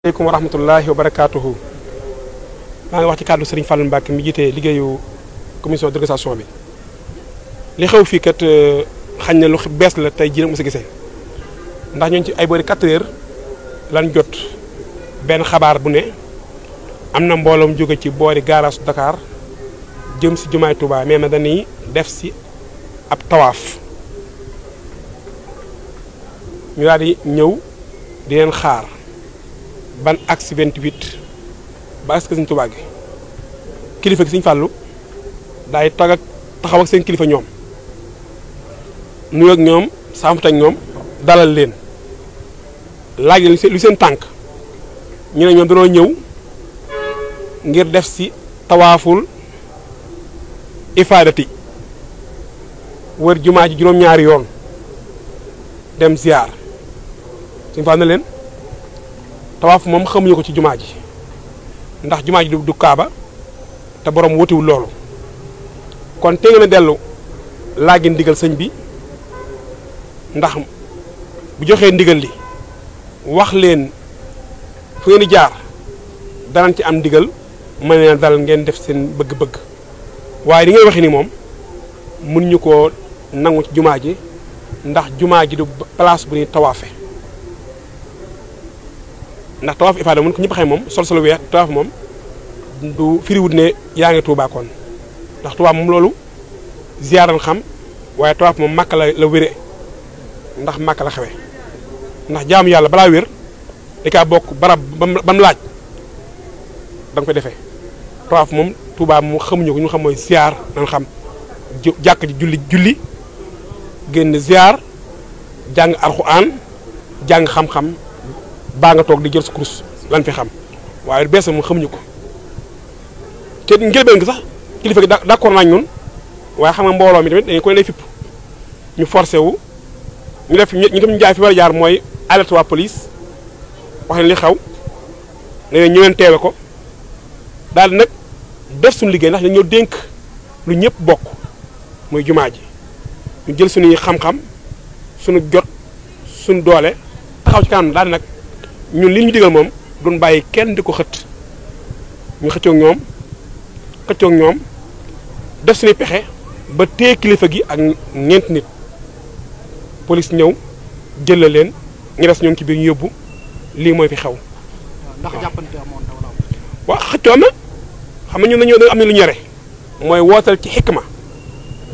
aleykum wa rahmatullahi wa barakaatuhu maa ngi wax ci kàddu Serigne Fallou Mbacke mi jiite liggéeyu commission d'organisation bi li xew fii kat euh, xañ na lu bees la tey ji nag mos a gisee ndax ñooñu ci ay boori 4 lan jot benn xabaar bu ne am na mbooloom jóge ci boori garage Dakar jëm si jumaay Touba mais nag dañuy def si ab tawaaf ñu daal di ñëw di leen xaar. ban accident 28 ba axe seigne touba gi kilifa gi Sëñ Fàllu daay toog ak taxaw ak seigne kilifa ñom nuyu ak ñom ak ñom dalal leen laaj lu seen tank ñu ne ñom ñew ngir def ci tawaful ifadati wër jumaa ji juróom-ñaari yoon dem ziar seigne fallu tawaaf moom xamuñu ko ci jumaa ji ndax jumaa ji du kaaba te borom wutiwul loolu kon te ngeen a dellu laagi ndigal sëñ bi ndax bu joxee ndigal li wax leen fu ngeen di jaar danañ ci am ndigal mën na dal ngeen def seen bëgg-bëgg waaye li ngeen waxee ni moom mun ñu ko nangu ci jumaa ji ndax jumaa ji du place bu ñuy tawaafe ndax tawaaf ifaada mun ko ñëpp xam moom sol sol weex tawaaf moom du firiwut ne yaa ngi Tuubaa ndax Tuubaa moom loolu ziyaaran xam waaye tawaaf moom màkk la wére ndax màkk la ndax jaamu yàlla balaa wér di kaa bokk barab ba laaj da nga koy defee tawaaf moom Tuubaa mu xamuñu ko ñu xam mooy ziyaar nañ xam jàkk julli julli génn ziyaar jàng alxuraan jàng xam-xam baa nga toog di jël sa kurus lan fi xam waaye bees moom xamuñu ko te njëlbeen gi sax kilifa gi d'accord nañ ñun waaye xam nga mbooloo mi tamit dañu koy lay fipp ñu forcé wu ñu def ñu dem ñu jaay fi war jaar mooy alerte waa police wax li xew ne ñu teewe ko daal nag def suñu liggéey ndax dañoo dénk lu ñëpp bokk muy jumaa ji ñu jël suñuy xam-xam suñu jot suñu doole taxaw ci kanam daal nag ñun li ñu digal moom doon bàyyi kenn di ko xët ñu xëccoog ñoom xëccoog ñoom def suñu pexe ba téye kilifa gi ak ñeent nit police ñëw jël leen ñu des ñoom ci biir ñu yóbbu lii mooy fi xew. ndax jàppante amoon na xëccoo na xam nga ñun dañoo am na lu ñu mooy wootal ci xikma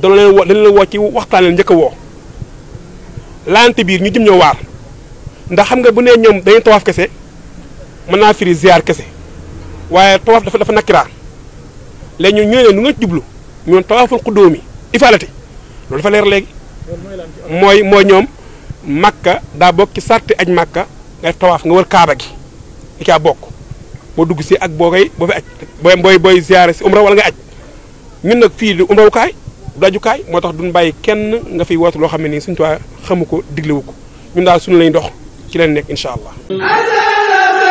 dana leen woo dana leen woo ci waxtaan leen njëkk a woo laante biir ñu jëm ñoo waar. ndax xam nga bu nee ñoom dañuy tawaaf kese mën naa firi ziar kese waaye tawaaf dafa dafa nakkiraa léegi ñun nu nga jublu ñoom tawaaful xuddóo mi ifaalati loolu dafa leer léegi mooy mooy ñoom makka daa bokk ci sarti aj màkka nga def tawaaf nga wër kaaba gi di caa bokk boo dugg si ak boo koy boo fi aj booy booy booy ziare si umra wala nga aj ñun nag fii di umrawukaay du ajukaay moo tax duñ bàyyi kenn nga fiy wootu loo xam ne nii suñu xamu ko diglewu ko ñun daal suñu lay dox ci leen nekk incha allah.